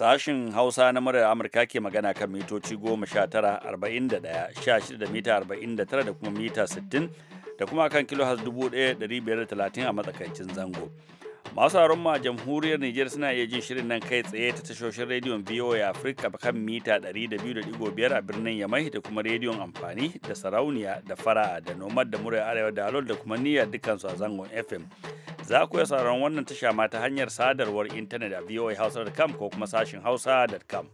Sashin Hausa na murar Amurka ke magana kan mitoci sha tara arba'in da mita arba'in da kuma mita 60 da kuma kan kilo 1530 a matsakaicin zango. masu ma jamhuriyar Nijar suna iya jin shirin nan kai tsaye ta tashoshin rediyon VOA Africa kan mita 200.5 a birnin Yamai da kuma rediyon amfani da sarauniya da fara da nomad da murai arewa da alol da kuma niyyar dukansu a zangon FM. Za ku iya sauraron wannan tasha ma ta hanyar sadarwar intanet a voahausa.com ko kuma sashin hausa.com.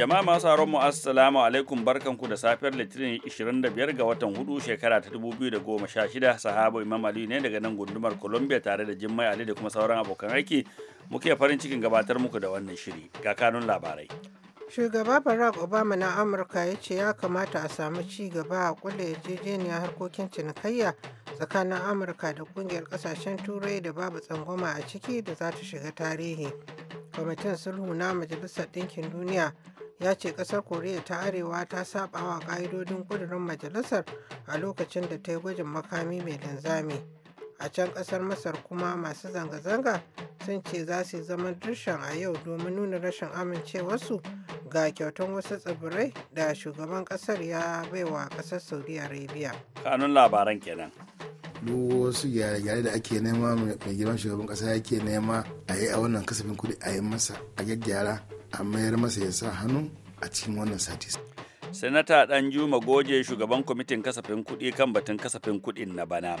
Jama'a masu haron mu assalamu alaikum barkanku da safiyar Litinin 25 ga watan hudu shekara ta 2016 sahabo Imam Ali ne daga nan gundumar Columbia tare da Jimmai Ali da kuma sauran abokan aiki muke farin cikin gabatar muku da wannan shiri ga kanun labarai. Shugaba Barack Obama na Amurka ya ce ya kamata a samu ci gaba a kulle yarjejeniyar harkokin cinikayya tsakanin Amurka da kungiyar kasashen Turai da babu tsangwama a ciki da za ta shiga tarihi. Kwamitin sulhu na Majalisar Ɗinkin Duniya ya ce ƙasar koriya ta arewa ta saba wa ƙa'idodin kudurin majalisar a lokacin da ta yi gwajin makami mai linzami a can ƙasar masar kuma masu zanga-zanga sun ce za su zama dushen a yau domin nuna rashin amincewarsu ga kyautan wasu tsibirai da shugaban ƙasar ya baiwa ƙasar saudi arabia kanun labaran kenan duk wasu gyare-gyare da ake nema mai girman shugaban ƙasa yake nema a yi a wannan kasafin kudi a yi masa a gyaggyara a mayar masa ya sa hannu a cikin wannan sati sanata dan juma goje shugaban kwamitin kasafin kuɗi kan batun kasafin kuɗin na bana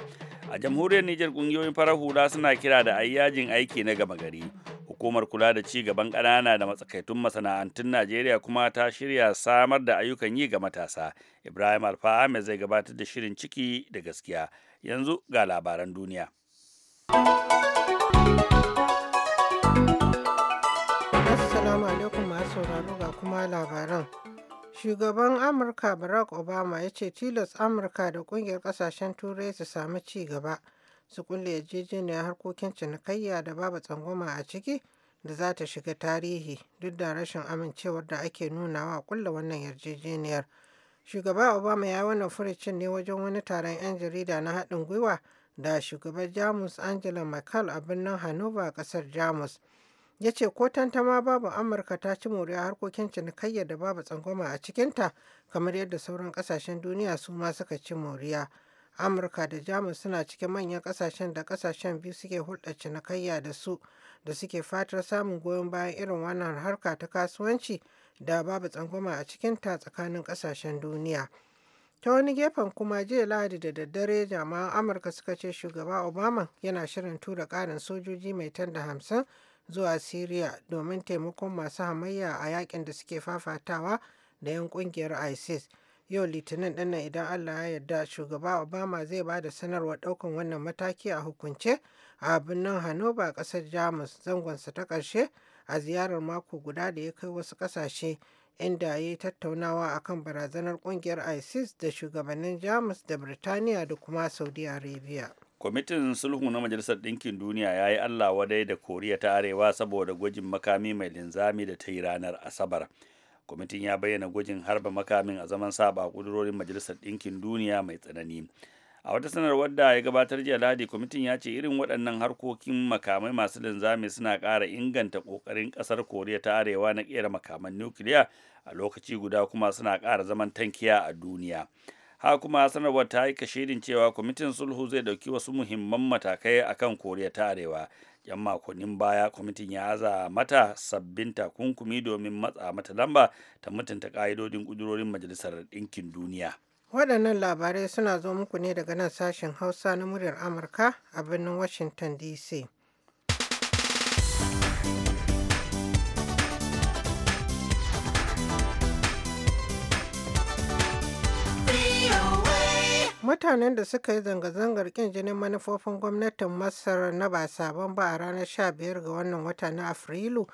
a jamhuriyar nijar ƙungiyoyin farar hula suna kira da ayyajin aiki na gama gari hukumar kula da ci gaban ƙanana da matsakaitun masana'antun najeriya kuma ta shirya samar da ayyukan yi ga matasa ibrahim alfa ahmed zai gabatar da shirin ciki da gaskiya yanzu ga labaran duniya sauraro ga kuma labaran. Shugaban Amurka Barack Obama ya ce tilas Amurka da kungiyar kasashen Turai su sami ci gaba su kulle yarjejeniyar harkokin cinikayya da babu tsangwama a ciki da za ta shiga tarihi duk da rashin amincewar da ake nunawa kulle wannan yarjejeniyar. Shugaba Obama ya wannan furicin ne wajen wani taron 'yan jarida na haɗin gwiwa da shugaban Jamus Angela Merkel a birnin Hannover kasar Jamus. ya ce ko tantama babu amurka ta ci moriya harkokin cinikayyar da babu tsangwama a cikinta kamar yadda sauran kasashen duniya su ma suka ci moriya amurka da jamus suna cikin manyan kasashen da kasashen biyu suke hulɗa cinikayya da su da suke fatar samun goyon bayan irin wannan harka ta kasuwanci da babu tsangwama a cikinta tsakanin kasashen duniya ta wani gefen kuma jiya lahadi da daddare jama'an amurka suka ce shugaba obama yana shirin tura ƙarin sojoji mai tan da hamsin zuwa Siriya domin taimakon masu hamayya a yakin da suke fafatawa da 'yan kungiyar ISIS. Yau Litinin ɗinnan idan Allah ya yarda shugaba Obama zai ba da sanarwar ɗaukan wannan mataki a hukunce a birnin Hanover ƙasar Jamus zangonsa ta ƙarshe a ziyarar mako guda da ya kai wasu ƙasashe inda ya yi tattaunawa akan barazanar ƙungiyar ISIS da shugabannin Jamus da Birtaniya da kuma Saudi Arabia. kwamitin sulhu na majalisar ɗinkin duniya ya yi allah wadai da koriya ta arewa saboda gwajin makami mai linzami da ta yi ranar asabar kwamitin ya bayyana gwajin harba makamin a zaman saba a kudurorin majalisar ɗinkin duniya mai tsanani a wata sanarwar da ya gabatar jiya ladi kwamitin ya ce irin waɗannan harkokin makamai masu linzami suna ƙara inganta ƙoƙarin ƙasar koriya ta arewa na ƙera makaman nukiliya a lokaci guda kuma suna ƙara zaman tankiya a duniya hakuma kuma sanarwar ta yi shirin cewa kwamitin sulhu zai dauki wasu muhimman matakai akan koriya ta arewa yan makonnin baya kwamitin ya aza mata sabbin takunkumi domin matsa mata lamba ta mutunta ka'idodin kudurorin majalisar ɗinkin duniya waɗannan labarai suna zo muku ne daga nan sashen hausa na muryar amurka a birnin washington dc Mutanen da suka yi zanga-zangar kin jinin manufofin gwamnatin Masar na ba sabon ba a ranar 15 ga wannan wata na Afrilu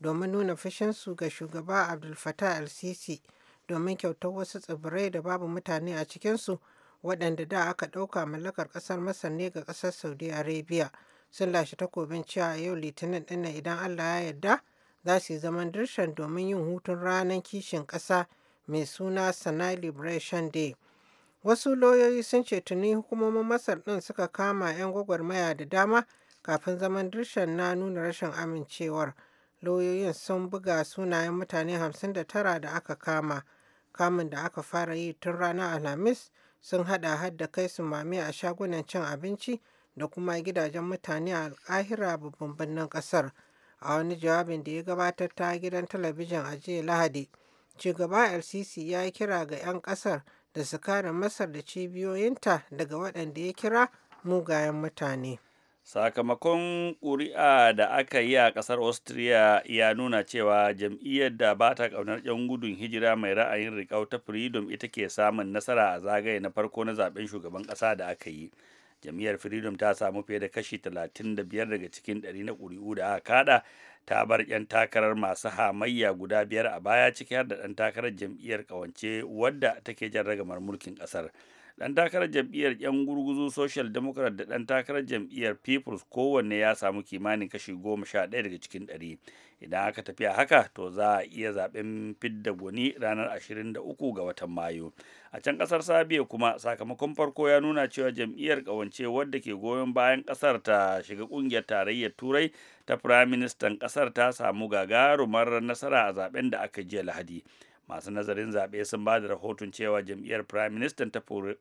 domin nuna fushinsu ga shugaba Abdul Fattah el-Sisi domin kyautar wasu tsibirai da babu mutane a cikinsu waɗanda da aka ɗauka mallakar ƙasar Masar ne ga ƙasar Saudi Arabia. Sun lashe takobin cewa a yau Litinin ɗin idan Allah ya yarda za su yi zaman dirshan domin yin hutun ranar kishin ƙasa mai suna Sana'a Liberation Day. Wasu lauyoyi sun ce tuni hukumomin Masar ɗin suka kama 'yan gwagwarmaya da dama kafin zaman dirshan na nuna rashin amincewar. Lauyoyin sun buga sunayen mutane 59 da aka kama. Kamun da aka fara yi tun ranar Alhamis sun hada hadda kai su mame a shagunan cin abinci da kuma gidajen mutane a alkahira babban birnin kasar. A wani jawabin da ya gabatar ta gidan talabijin a jiya Lahadi, shugaba LCC ya yi kira ga 'yan kasar da su kare masar da cibiyoyinta daga waɗanda ya kira mugayen mutane sakamakon ƙuri'a da aka yi a ƙasar austria ya nuna cewa jam'iyyar da ba ta ƙaunar 'yan gudun hijira mai ra'ayin riƙau ta freedom ita ke samun nasara a zagaye na farko na zaben shugaban ƙasa da aka yi jam'iyyar freedom ta samu fiye da kashi 35 daga cikin 100 na ƙuri'u da aka kada ta bar 'yan takarar masu hamayya guda biyar a baya ciki har da ɗan takarar jam'iyyar ƙawance wadda take jan ragamar mulkin ƙasar dan takarar jam'iyyar 'yan gurguzu social democrat da ɗan takarar jam'iyyar peoples kowanne ya samu kimanin kashi goma sha ɗaya daga cikin ɗari idan aka tafi haka to za a iya zaben fidda gwani ranar 23 ga watan mayu a can kasar sabiya kuma sakamakon farko ya nuna cewa jam'iyyar kawance wadda ke goyon bayan ƙasar ta shiga ƙungiyar tarayyar turai ta firaministan ƙasar ta samu gagarumar nasara a zaben da aka jiya lahadi masu nazarin zaɓe sun ba da rahoton cewa jam'iyyar prime minister ta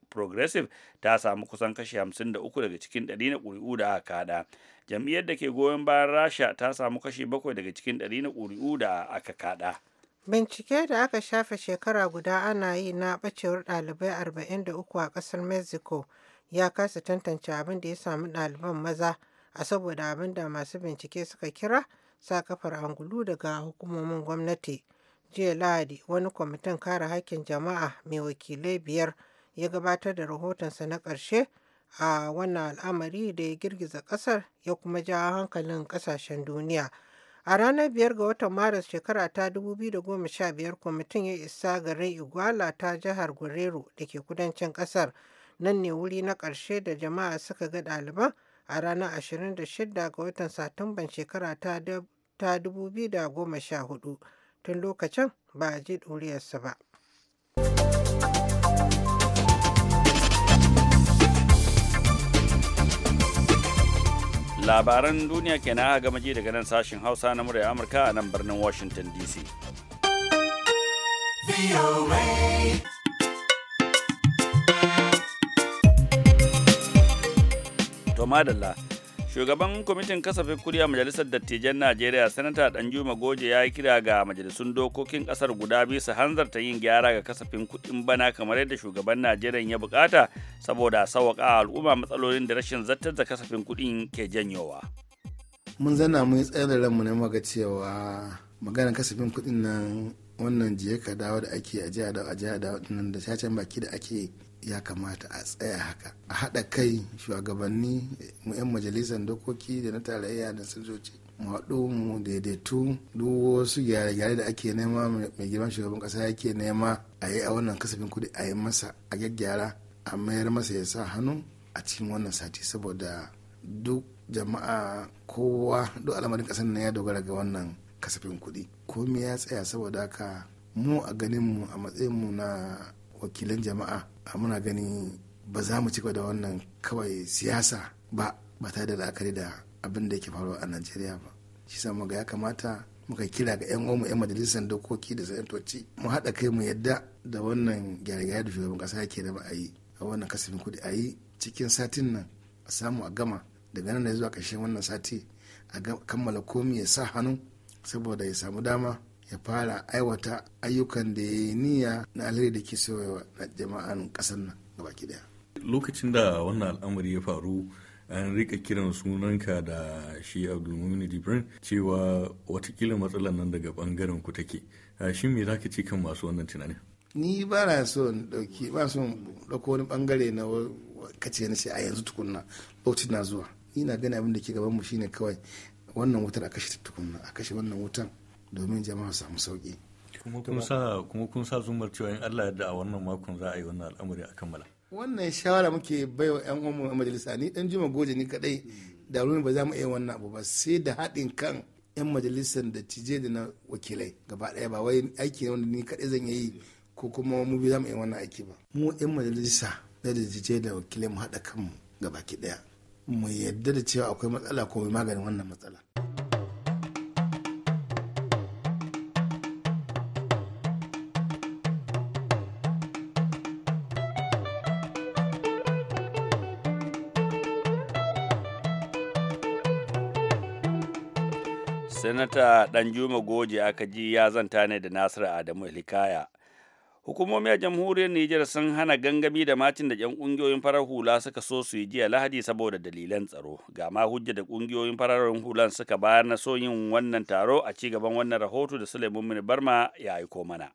progressive ta samu kusan kashi 53 daga cikin 100 na ƙuri'u da aka kada jam'iyyar da ke goyon bayan rasha ta samu kashi 7 daga cikin 100 na ƙuri'u da aka kada bincike da aka shafe shekara guda ana yi na bacewar ɗalibai 43 a ƙasar mexico ya kasa tantance abin da ya samu ɗaliban maza a saboda abin da masu bincike suka kira sa kafar angulu daga hukumomin gwamnati. jiya lahadi wani kwamitin kare haƙƙin jama'a mai wakilai biyar ya gabatar da rahotonsa na ƙarshe a wannan al'amari da ya girgiza ƙasar ya kuma jawo hankalin ƙasashen duniya a ranar biyar ga watan maris shekara ta 2015 kwamitin ya isa garin iguala ta jihar guerrero da ke kudancin ƙasar nan ne wuri na ƙarshe da jama'a suka ga ɗaliban a ranar 26 ga watan satumban shekara ta 2014 tun lokacin ba a ji ɗuriyarsa ba. Labaran duniya kenan a gama ji daga nan sashen Hausa na murya Amurka a nan birnin Washington DC. To madalla. shugaban kwamitin kasafin kudi a majalisar dattijan najeriya sanata danjuma goje ya yi kira ga majalisun dokokin kasar guda biyu su hanzarta yin gyara ga kasafin kudin bana kamar yadda shugaban najeriya ya bukata saboda sawaka al'umma matsalolin da rashin zartar da kasafin kudin ke janyowa mun zana mun yi tsayar ranmu na maga cewa maganar kasafin kudin nan wannan jiya ka dawo da ake a jiya da a jiya da nan da shacen baki da ake ya kamata a tsaya haka a haɗa kai shugabanni 'yan majalisar dokoki da na tarayya da sojoji haɗu mu daidaitu duk wasu gyare-gyare da ake nema mai girman shugaban ƙasa yake nema a yi a wannan kasafin kuɗi a yi masa a gyaggyara a mayar masa ya sa hannu a cikin wannan sati saboda duk jama'a kowa duk al'amarin ƙasar nan ya dogara ga wannan kasafin kuɗi komai ya tsaya saboda haka mu a ganin mu a matsayin mu na wakilan jama'a a muna ganin ba za mu ci da wannan kawai siyasa ba ba ta da la'akari da abin da yake faruwa a najeriya ba shi sa ga ya kamata muka kira ga yan uwanmu yan majalisar dokoki da sanatoci mu haɗa kai mu yadda da wannan gyare-gyare da shugaban ƙasa yake da ba a yi a wannan kasafin kuɗi a yi cikin satin nan a samu a gama daga nan da zuwa ƙarshen wannan sati a kammala komi ya sa hannu saboda ya samu dama ya fara aiwata ayyukan da ya yi niyya na alheri da ke sauyawa na jama'an kasar nan gabaki daya lokacin da wannan al'amari ya faru an rika kiran sunanka da shi abdulmumin jibrin cewa watakila matsalar nan daga bangaren ku take shi me za ka ce kan masu wannan tunanin ni ba na so dauki ba so dauko wani bangare na kace na shi a yanzu tukunna lokacin na zuwa ni na gani abin da ke gaban mu shine kawai wannan wutar a kashe tukunna a kashe wannan wutan domin jama'a samu sauki kuma kun sa zumar cewa in Allah yadda a wannan makon za a yi wannan al'amari a kammala wannan shawara muke baiwa yan uwan majalisa ni dan jima goje ni kadai da ba za mu iya wannan abu ba sai da haɗin kan yan majalisar da cije da na wakilai gaba ɗaya ba wai aiki ne wanda ni kadai zan yi ko kuma mu bi za mu iya wannan aiki ba mu yan majalisa da da cije da wakilai mu haɗa kanmu gaba ki ɗaya mu yadda da cewa akwai matsala ko maganin wannan matsala. Sanata Danjuma Goje aka ji ya zanta ne da Nasiru Adamu Hikaya. Hukumomi a jamhuriyar Nijar sun hana gangami da macin da 'yan ƙungiyoyin farar hula suka so su yi jiya Lahadi saboda dalilan tsaro. Ga ma hujja da ƙungiyoyin farar hulan suka bayar na so yin wannan taro a ci gaban wannan rahoto da Suleiman Mini Barma ya aiko mana.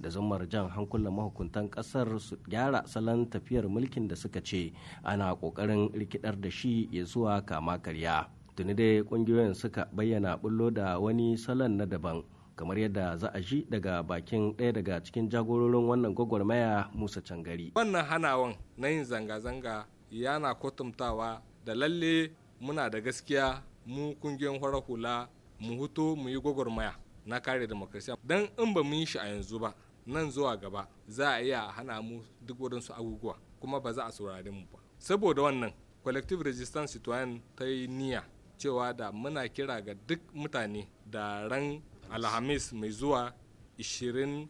da zumar jan hankulan mahukuntan kasar su gyara salon tafiyar mulkin da suka ce ana kokarin rikidar da shi ya zuwa kama karya. tuni dai kungiyoyin suka bayyana bullo da wani salon na daban kamar yadda za a ji daga bakin ɗaya daga cikin jagororin wannan gwagwarmaya musa cangari wannan hanawan na yin zanga-zanga yana kwatantawa da lalle muna da gaskiya mu kungiyoyin horar hula mu huto mu yi gwagwarmaya na kare demokrasiya don in ba mu yi shi a yanzu ba nan zuwa gaba za a iya hana mu duk wurin su abubuwa kuma ba za a saurare mu ba saboda wannan collective resistance citoyen ta yi niyya cewa da muna kira ga duk mutane da ran alhamis mai zuwa 28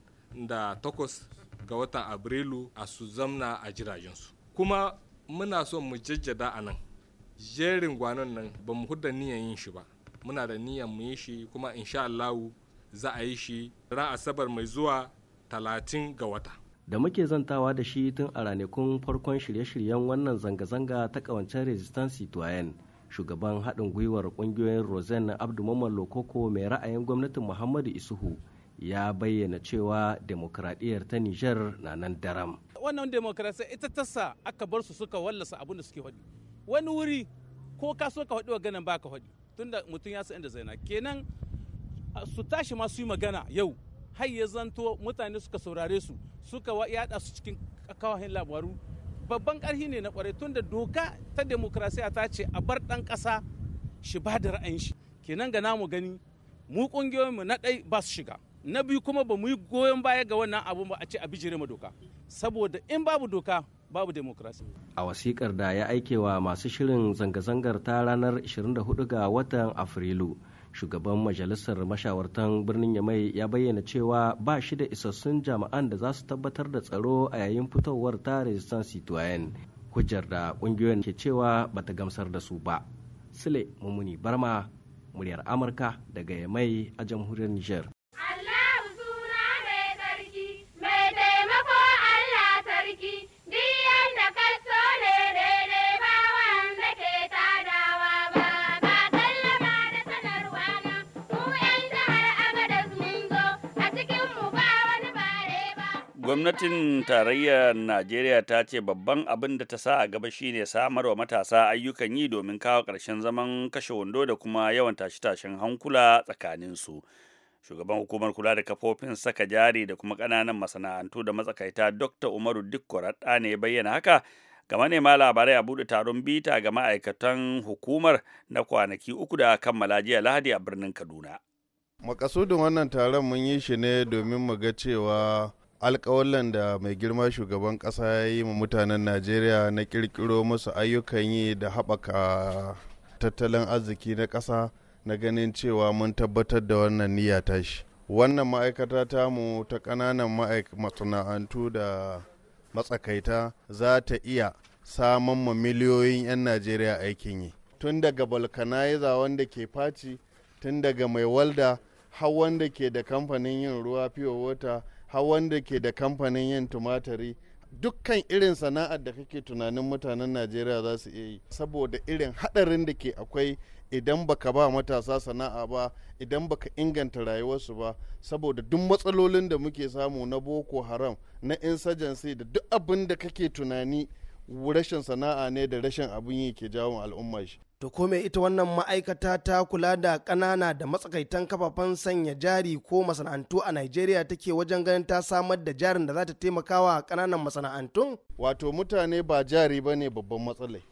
ga watan abrilu a su zamna a su kuma muna so mu jajjada a nan jerin gwanon nan ba mu hudda niyan yin shi ba muna da niyan mu yi shi kuma insha Allah za a yi shi ran asabar mai zuwa 30 ga wata da muke zantawa da shi tun a ranakun farkon shirye-shiryen wannan zanga-zanga ta kawancen resistance to shugaban haɗin gwiwar ƙungiyoyin rosen abdu lokoko mai ra'ayin gwamnatin muhammadu isuhu ya bayyana cewa demokradiyyar ta nijar na nan daram wannan demokrasiya ita ta sa aka bar su suka wallasa abin da suke hadi wani wuri ko ka so ka hadi wa ganin baka hadi tunda mutum ya san inda zaina kenan su tashi ma su yi magana yau har ya zanto mutane suka saurare su suka yada su cikin kawahin labaru babban ƙarfi ne na kwarai da doka ta demokrasiya ta ce a bar ɗan ƙasa shi ba da ra'ayin shi kenan ga namu gani mu ƙungiyoyinmu na ɗai ba su shiga na biyu kuma ba mu yi goyon baya ga wannan abun ba a ce a bijire ma doka saboda in babu doka babu demokrasi. A wasikar da ya aikewa masu shirin zanga-zangar ta ranar 24 ga watan Afrilu, shugaban majalisar mashawartan birnin yamai ya bayyana cewa ba shi da isassun jami'an da za su tabbatar da tsaro a yayin fitowar ta resistance citoyen hujjar da kungiyoyin ke cewa bata gamsar da su ba sule mummuni barma muryar amurka daga yamai a jamhuriyar niger gwamnatin tarayyar najeriya ta ce babban abin da ta sa a gaba shine samar wa matasa ayyukan yi domin kawo ƙarshen zaman kashe wando da kuma yawan tashe-tashen hankula tsakaninsu shugaban hukumar kula da kafofin saka jari da kuma ƙananan masana'antu da matsakaita dr umaru dikko ne bayyana haka ga manema labarai a buɗe taron bita ga ma'aikatan hukumar na kwanaki uku da kammala jiya lahadi a birnin kaduna makasudin wannan taron mun yi shi ne domin mu ga cewa alkawalan da mai girma shugaban kasa ya yi ma mutanen najeriya na kirkiro musu ayyukan yi da haɓaka tattalin arziki na ƙasa na ganin cewa mun tabbatar da wannan niyya shi. wannan ma'aikata tamu ta ƙananan masana'antu da matsakaita za ta iya samun ma miliyoyin 'yan najeriya aikin yi tun daga balkanaiza wanda ke faci tun daga mai walda har wanda ke da kamfanin yin ruwa fiye wata har wanda ke da kamfanin yin tumatiri dukkan irin sana'ar da kake tunanin mutanen najeriya za su iya yi saboda irin haɗarin da ke akwai idan baka ba matasa sana'a ba idan baka inganta rayuwarsu ba saboda duk matsalolin da muke samu na boko haram na insurgency da duk abin da kake tunani rashin sana'a ne da rashin abin yi ke jawo al'umma shi to kome ita wannan ma'aikata ta kula da ƙanana da matsakaitan kafafen sanya jari ko masana'antu a Najeriya take wajen ganin ta samar da jarin da za ta taimakawa ƙananan masana'antun wato mutane ba jari ba ne babban matsalai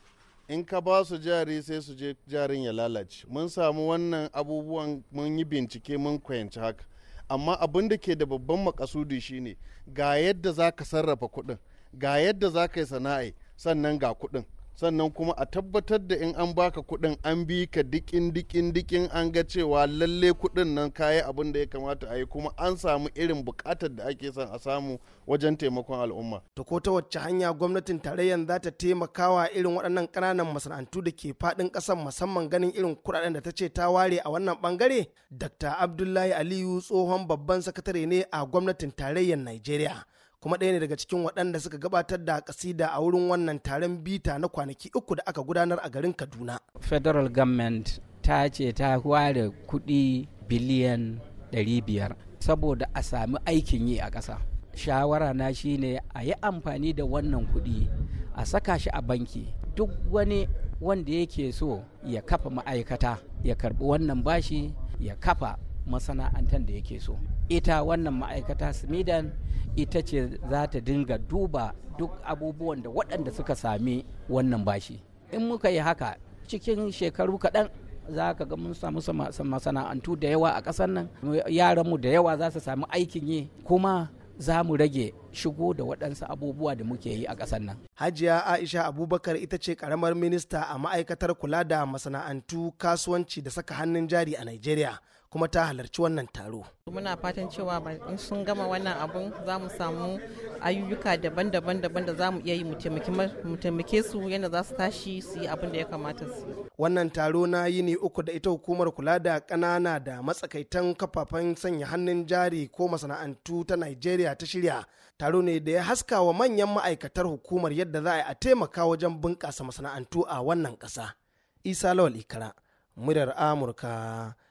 in ka ba su jari sai su je jarin ya lalace mun samu wannan abubuwan mun yi bincike mun kwayanci haka amma abin da ke da babban makasudi shine ga yadda za ka sarrafa kuɗin ga yadda za ka yi sana'a sannan ga kuɗin sannan kuma a tabbatar da in an baka kuɗin an bi ka dikin dikin dikin an ga cewa lalle kuɗin nan kayi abin da ya kamata a yi kuma an samu irin bukatar da ake son a samu wajen taimakon al'umma. Ta ko ta wacce hanya gwamnatin tarayyan za ta taimakawa irin waɗannan ƙananan masana'antu da ke faɗin ƙasar musamman ganin irin kuɗaɗen da ta ce ta ware a wannan ɓangare? Dr. Abdullahi Aliyu tsohon babban sakatare ne a gwamnatin tarayyar Najeriya. kuma ɗaya ne daga cikin waɗanda suka gabatar da kasida a wurin wannan taron bita na kwanaki uku da aka gudanar a garin kaduna federal government ta ce ta ware kuɗi biliyan 500 saboda a sami aikin yi a ƙasa shawara na shine a yi amfani da wannan kuɗi a saka shi a banki duk wani wanda yake so ya kafa ma'aikata ya karɓi wannan bashi ya kafa masana'antar da yake so ita wannan ma'aikata smidan ita ce za ta dinga duba duk abubuwan da waɗanda suka sami wannan bashi in muka yi haka cikin shekaru kaɗan za ka ga mun samu masana'antu da yawa a ƙasar nan yaranmu da yawa za su samu aikin yi kuma za mu rage shigo da waɗansu abubuwa da muke yi a ƙasar nan. Hajiya Aisha Abubakar ita ce ƙaramar minista a ma'aikatar kula da masana'antu kasuwanci da saka hannun jari a Najeriya. kuma ta halarci wannan taro. Muna fatan cewa in sun gama wannan abun za mu samu ayyuka daban-daban da za mu iya yi mu taimake su yadda za su tashi su yi abin da ya kamata su. Wannan taro na yi ne uku da ita hukumar kula da ƙanana da matsakaitan kafafen sanya hannun jari ko masana'antu ta Najeriya ta shirya. Taro ne da ya haska wa manyan ma'aikatar hukumar yadda za a taimaka wajen bunƙasa masana'antu a wannan ƙasa. Isa Lawal Ikara, muryar Amurka.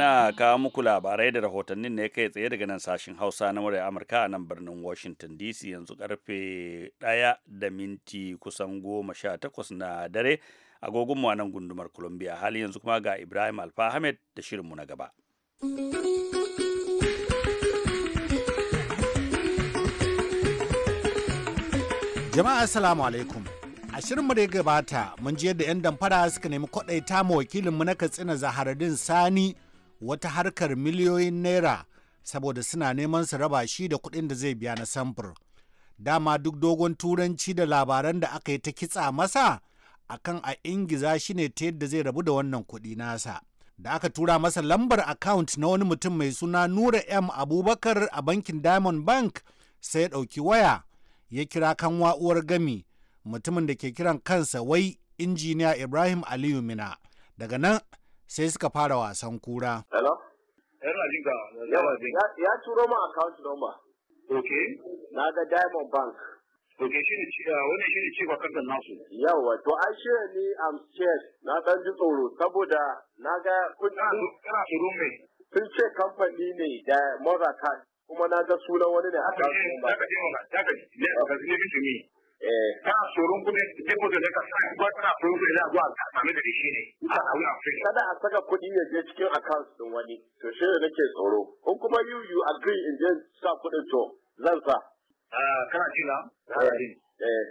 muna kawo muku labarai da rahotannin ne kai tsaye daga nan sashen hausa na murya amurka a nan birnin washington dc yanzu karfe ɗaya da minti kusan goma sha takwas na dare agogonmu a nan gundumar columbia hali yanzu kuma ga ibrahim alfa ahmed da shirinmu na gaba jama'a assalamu alaikum a shirinmu da ya gabata mun ji yadda 'yan damfara suka nemi kwaɗaita ma wakilinmu na katsina zaharadin sani wata harkar miliyoyin naira saboda suna neman su raba shi da kuɗin da zai biya na samfur. Dama duk dogon turanci da labaran da aka yi ta kitsa masa akan a ingiza shi ne ta yadda zai rabu da wannan kuɗi nasa. Da aka tura masa lambar account na wani mutum mai suna Nura M Abubakar a bankin Diamond Bank sai ya ɗauki waya ya kira kan wa'uwar gami mutumin da ke kiran kansa wai injiniya Ibrahim Aliyu Mina. Daga nan sai suka fara wasan kura. Hello? Ya turo min account number. Okay. Na ga Diamond Bank. Yau, shi ne wani shi ne cewa kankan nasu. Yawa, to an ni am scared na ɗan ji tsoro saboda na ga kudin. Kana tsoro mai. Sun ce kamfani ne da Mozart kuma na ga sunan wani ne aka. Ka ji, ka ji, ne, ka ne. ta eh. tsoron kuɗin deposit da ka sa ba tana tsoron kudi za a zuwa a same da shi ne ta a kada a saka kuɗi ya je cikin account din wani to shi ne nake tsoro in kuma you you agree in je sa kuɗin to zan sa ah, kana ji na eh, eh.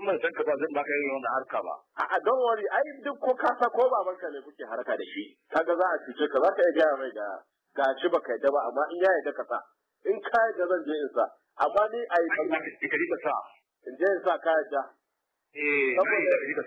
ban san ka ba zan baka yin wannan harka ba a don worry ai duk ko ka sa ko babanka ne kuke harka da shi kaga za a cuce ka za ka iya gaya mai ga shi ba ka yadda ba amma in ya yadda ka sa in ka yadda zan je in sa amma ni a yi ka sa in je in sa kaya ja eh,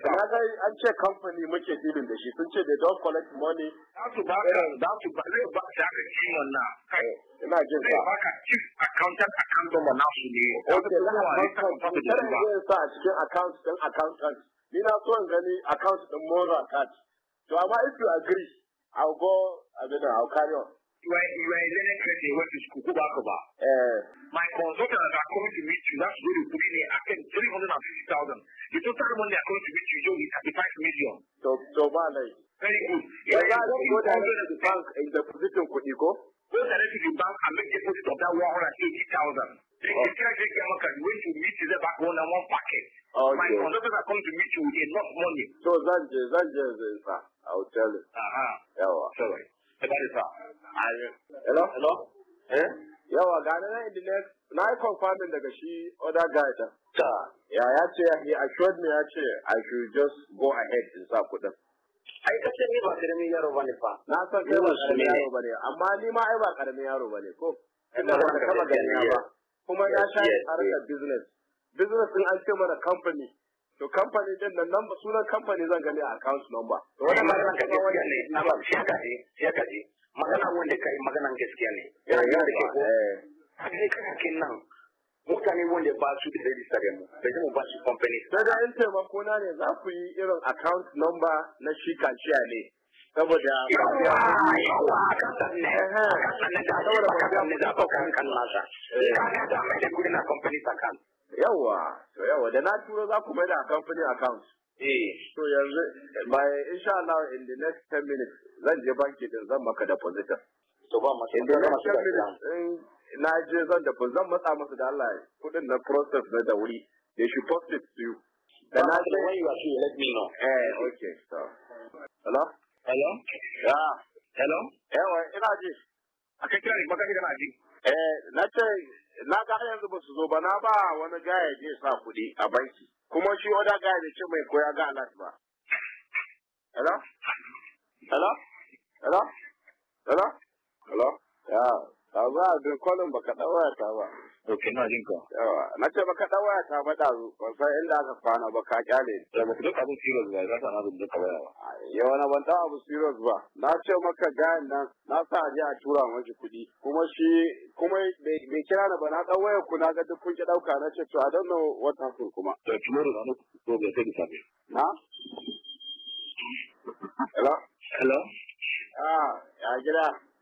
na ga an ce kamfani muke dilin da shi sun ce they don't collect money za su ba ka za su ba zai ba ka ka ci wannan kai eh, ina jin sa ba ka chief accountant account da na su ne okay na account ba zai sa a cikin account din accountant ni na so in gani account din mora card to amma if you agree I'll go I don't know I'll carry on you are, a learned person, you went eh. to school, go back over. My consultants are coming to meet you, that's where you put in a, I 350,000. The total money are coming to meet you, Joe, is 35 million. So, so bad, Very good. Yeah, yeah, yeah, go direct to the bank in the position, you go? Go direct to the bank and make deposit of that 180,000. oh. can take your market, to meet you back one and one packet. Okay. My consultants are coming to meet you with enough money. So that's just, that's just, sir. I'll tell you. Uh-huh. Yeah, well. Sorry. sir. Hello? Hello? Eh? Yawa gane na inda ne na yi confirming daga shi other guy din. Ta. Ya ya ce he assured me ya ce I should just go ahead in sa kuɗin. Ai ka ce ni ba karamin yaro ba ne fa. Na san kai ba karamin yaro ba ne, amma ni ma ai ba karamin yaro bane ko. Ina ba ka taba gani ba. Kuma ya sha harkar business. Business din an ce mana company. to kamfani din nan nan sunan kamfani zan gani a account number to wannan ma zan ga wani ne na ba shi ka je shi ka je magana wanda yi maganan gaskiya ne yana da ke ko eh. ne nan mutane wanda ba su da register da mu da mu ba su company daga yin taimako na ne za ku yi irin account number na shi kaciya ne saboda yawa yawa da na turo za ku mai da kamfani account Eh, to yanzu by insha Allah in the next 10 minutes zan je banki din zan maka depositor to ba masa in masu next na je zan da zan matsa masu da Allah kudin na process na da wuri they should post it to you da na je when you are here let me know eh okay so hello hello yeah hello eh ina ji akai kira ne baka kira ji eh na ce na ga yanzu ba su zo ba na ba wani gaya je sa kuɗi a banki kuma shi oda guy bai ce mai koya ga alat ba hello hello hello hello hello yeah Ɗazu a jin kolin baka ɗawaya ta ba. Ok, na jin ka. na ce baka ɗawaya ta ba ɗazu, ban san inda aka kwana ba ka kyale. Da ba duk abin serious ba, za ta na bin duka ba. Yawa na ban ɗan abu serious ba. Na ce maka gayan nan, na sa a je a tura mashi kuɗi. Kuma shi, kuma bai kira ni ba, na ɗawaya ku na ga duk kun ki ɗauka na ce to a don know what happened kuma. To, tomorrow na mutu, to bai sai da safe. Na? Hello? Hello? Ah, ya gida.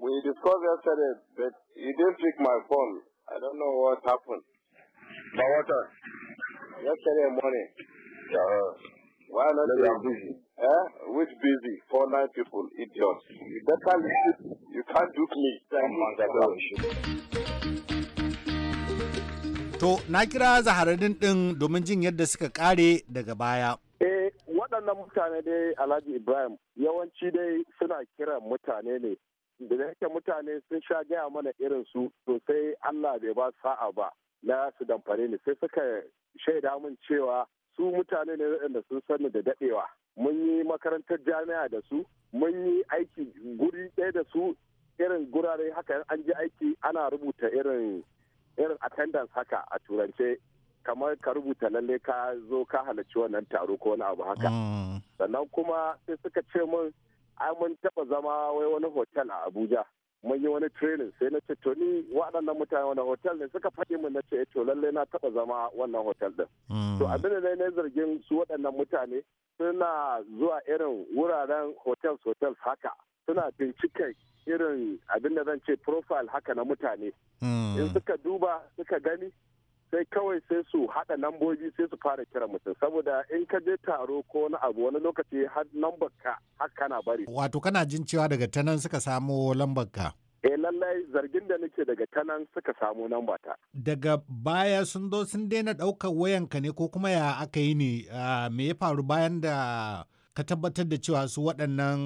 We discussed yesterday, but you didn't pick my phone. I don't know what happened. My water. Yesterday morning. Uh, why not? Maybe I'm busy. Eh? Which busy? Four nine people, idiots. You better listen. You can't duke me. To, na kira zahararin ɗin domin jin yadda suka kare daga baya. Eh, waɗannan mutane dai Alhaji Ibrahim yawanci dai suna kiran mutane ne da yake mutane sun sha gaya mana irin su to Allah bai ba sa'a ba na su damfare ni sai suka shaida mun cewa su mutane ne waɗanda sun sani da daɗewa mun yi makarantar jami'a da su mun yi aiki guri ɗaya da su irin gurare haka an ji aiki ana rubuta irin irin attendance haka a turance kamar ka rubuta lalle ka zo ka halarci wannan taro ko wani abu haka mm. sannan kuma sai suka ce mun ai mun taɓa zama wai wani hotel a abuja mun yi wani training sai na ce to ni waɗannan mutane wani hotel ne suka faɗi mu na ce eh, to lalle na taba zama wannan hotel din hmm. to abin da na zargin su waɗannan mutane suna zuwa irin wuraren hotels hotels haka suna binciken irin abin da zan ce profile haka na mutane hmm. in suka duba suka gani sai kawai sai su haɗa lambobi sai su fara kira mutum saboda in ka je taro ko wani abu wani lokaci har lambar ka har kana bari. Wato kana jin cewa daga tanan suka samu lambar ka? Eh lallai zargin da nake daga tanan suka samu lambar ta. Daga baya sun zo sun daina ɗaukar wayanka ne ko kuma ya aka yi ne me ya faru bayan da ka tabbatar da cewa su waɗannan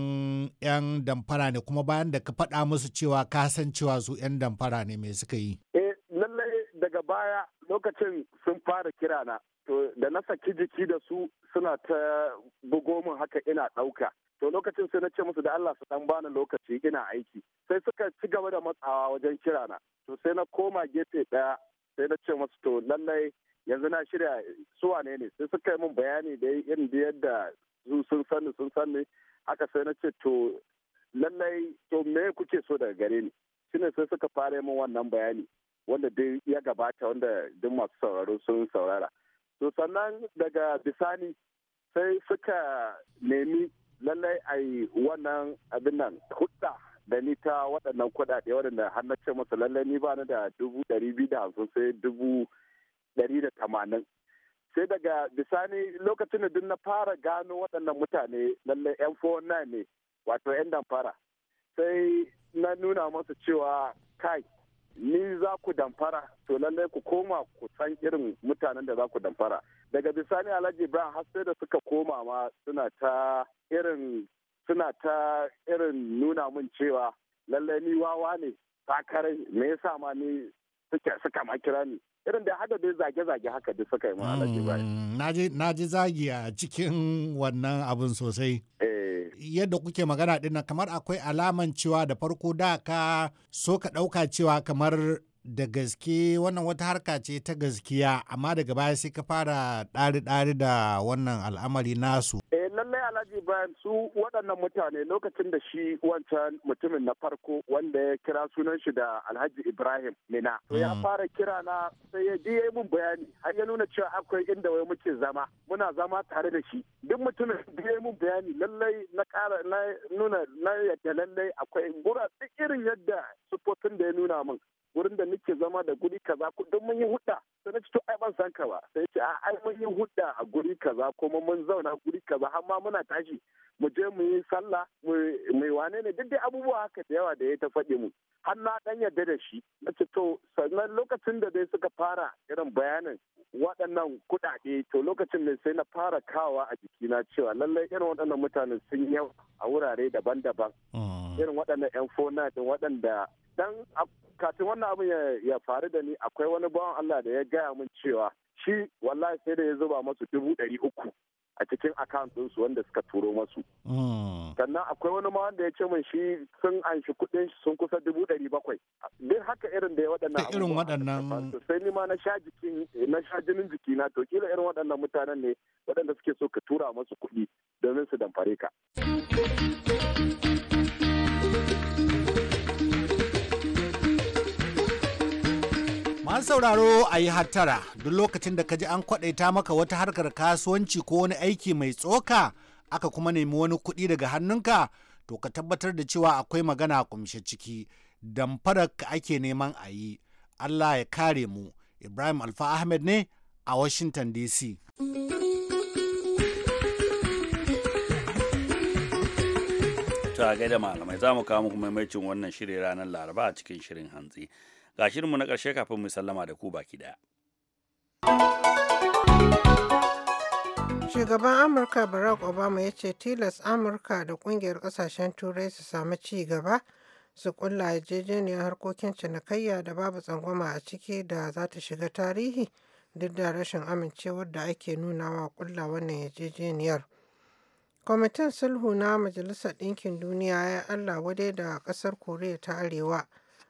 'yan damfara ne kuma bayan da ka faɗa musu cewa ka san cewa su 'yan damfara ne me suka yi. Eh lallai daga baya lokacin sun fara kira na to da na saki jiki da su suna ta bugo min haka ina ɗauka to lokacin sai na ce musu da Allah su dan bani lokaci ina aiki sai suka ci gaba da matsawa wajen kira na to sai na koma gefe daya sai na ce musu to lallai yanzu na shirya su wane ne sai suka yi min bayani da irin da yadda su sun sani sun sani haka sai na ce to lallai to me kuke so daga gare ni shine sai suka fara min wannan bayani wanda dai ya gabata wanda duk masu sauraro sun saurara to sannan daga bisani sai suka nemi lallai a yi wannan abin nan hudda da ni ta waɗannan kuɗaɗe waɗanda hannun ce masa lallai ni ba ni da dubu ɗari biyu da hamsin sai dubu ɗari da tamanin sai daga bisani lokacin da duk na fara gano waɗannan mutane lallai yan fona ne wato yan damfara sai na nuna masa cewa kai ni za ku damfara to lallai ku koma ku san irin mutanen da za ku damfara daga bisani alhaji ibrahim har sai da suka koma ma suna ta irin suna ta irin nuna min cewa lallai ni wawa ne takare me yasa ma ni suka ma kira ni irin da hada dai zage-zage haka da suka yi ma alhaji ibrahim mm, na ji zagi a cikin wannan abin sosai eh yadda kuke magana din kamar akwai alaman cewa da farko da ka so ka ɗauka cewa kamar da gaske wannan wata harka ce ta gaskiya amma daga baya sai ka fara ɗari-ɗari da wannan al'amari nasu. Eh, alhaji bayan su waɗannan mutane lokacin da shi wancan mutumin na farko wanda ya kira sunan shi da alhaji ibrahim mina to ya mm. fara kira na sai ya yi mun bayani har ya nuna cewa akwai inda wai muke zama muna zama tare da shi duk mutumin da mun bayani lallai na ƙara na nuna na yadda lallai akwai gura duk irin yadda sufofin da ya nuna min wurin da nake zama da guri kaza ko don mun yi hudda sai na to ai ban san ka ba sai ce a ai mun yi hudda a guri kaza kuma mun zauna guri kaza har ma muna tashi mu je mu yi sallah mu wane ne duk dai abubuwa haka da yawa da ya ta faɗi mu har na dan yarda da shi na ce to sannan lokacin da dai suka fara irin bayanin waɗannan kuɗaɗe to lokacin ne sai na fara kawa a jikina cewa lallai irin waɗannan mutanen sun yawa a wurare daban-daban mm. irin waɗannan 'yan fona waɗanda dan kafin wannan abin ya faru da ni akwai wani bawan Allah da ya gaya min cewa shi wallahi sai da ya zuba masu dubu ɗari uku a cikin account ɗinsu wanda suka turo masu. Hmm. Sannan akwai wani ma wanda ya ce min shi sun anshi kuɗin sun kusa dubu ɗari bakwai. Duk haka irin da ya waɗannan irin waɗannan. Sai ni ma na sha jikin na sha jinin jiki na to kila irin waɗannan mutanen ne waɗanda suke so ka tura masu kuɗi domin su damfare ka. an sauraro a yi hattara duk lokacin da ka ji an kwaɗaita maka wata harkar kasuwanci ko wani aiki mai tsoka aka kuma nemi wani kuɗi daga hannunka to ka tabbatar da cewa akwai magana kumshe ciki damfarar ka ake neman a yi. Allah ya kare mu. Ibrahim Alfa Ahmed ne a Washington DC. Ta gaida malamai za mu kawo muku maimacin wannan shirin ranar Laraba a cikin shirin hantsi. ga shirinmu na ƙarshe kafin mu sallama da ku baki ɗaya. Shugaban Amurka Barack Obama ya ce tilas Amurka da ƙungiyar ƙasashen Turai su samu ci gaba su ƙulla yarjejeniyar harkokin cinikayya da babu tsangwama a ciki da za ta shiga tarihi duk da rashin amincewar da ake nunawa ƙulla wannan yarjejeniyar. Kwamitin sulhu na Majalisar Ɗinkin Duniya ya Allah wadai da ƙasar Koriya ta Arewa.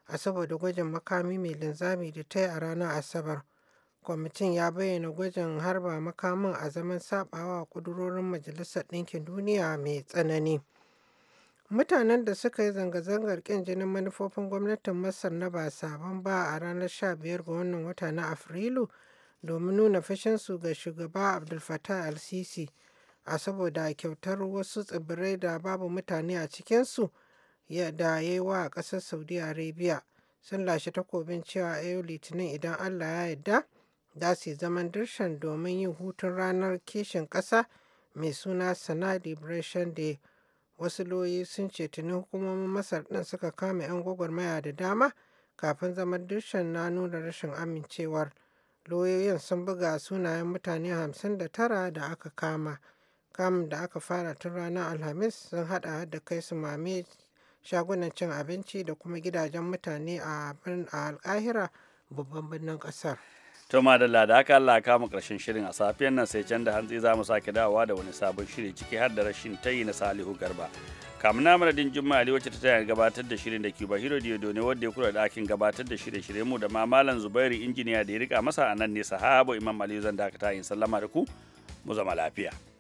a saboda gwajin makami mai linzami da ta yi a ranar Asabar. Kwamitin ya bayyana gwajin harba makamin a zaman sabawa kudurorin Majalisar Ɗinkin Duniya mai tsanani. Mutanen da suka yi zanga-zangar ƙin jinin manufofin gwamnatin Masar na ba sabon ba a ranar 15 ga wannan wata na Afrilu domin nuna fashinsu ga shugaba Abdul Fattah al-Sisi a saboda kyautar wasu tsibirai da babu mutane a cikinsu da ya yi wa ƙasar Saudi Arabia sun lashe takobin cewa a yau Litinin idan Allah ya yarda za su yi zaman dirshan domin yin hutun ranar kishin ƙasa mai suna Sana Liberation Day. Wasu loyi sun ce tuni hukumomin Masar ɗin suka kame 'yan gwagwarmaya da dama kafin zaman dirshan na nuna rashin amincewar. Loyoyin sun buga sunayen mutane 59 da aka kama. Kamun da aka fara tun ranar Alhamis sun haɗa da kai su mame shagunan cin abinci da kuma gidajen mutane a alkahira babban birnin kasar. To madalla da haka Allah kama karshen shirin a safiyar nan sai can da hantsi za mu sake dawowa da wani sabon shiri ciki har da rashin tayi na Salihu Garba. kamun na maradin Juma'a Ali wacce ta taya gabatar da shirin da Cuba Hiro Diodo ne wanda ya kula da akin gabatar da shirye shirye mu da ma Malam Zubairu injiniya da ya rika masa a nan ne sahabo Imam Aliyu zan dakata yin sallama da ku mu zama lafiya.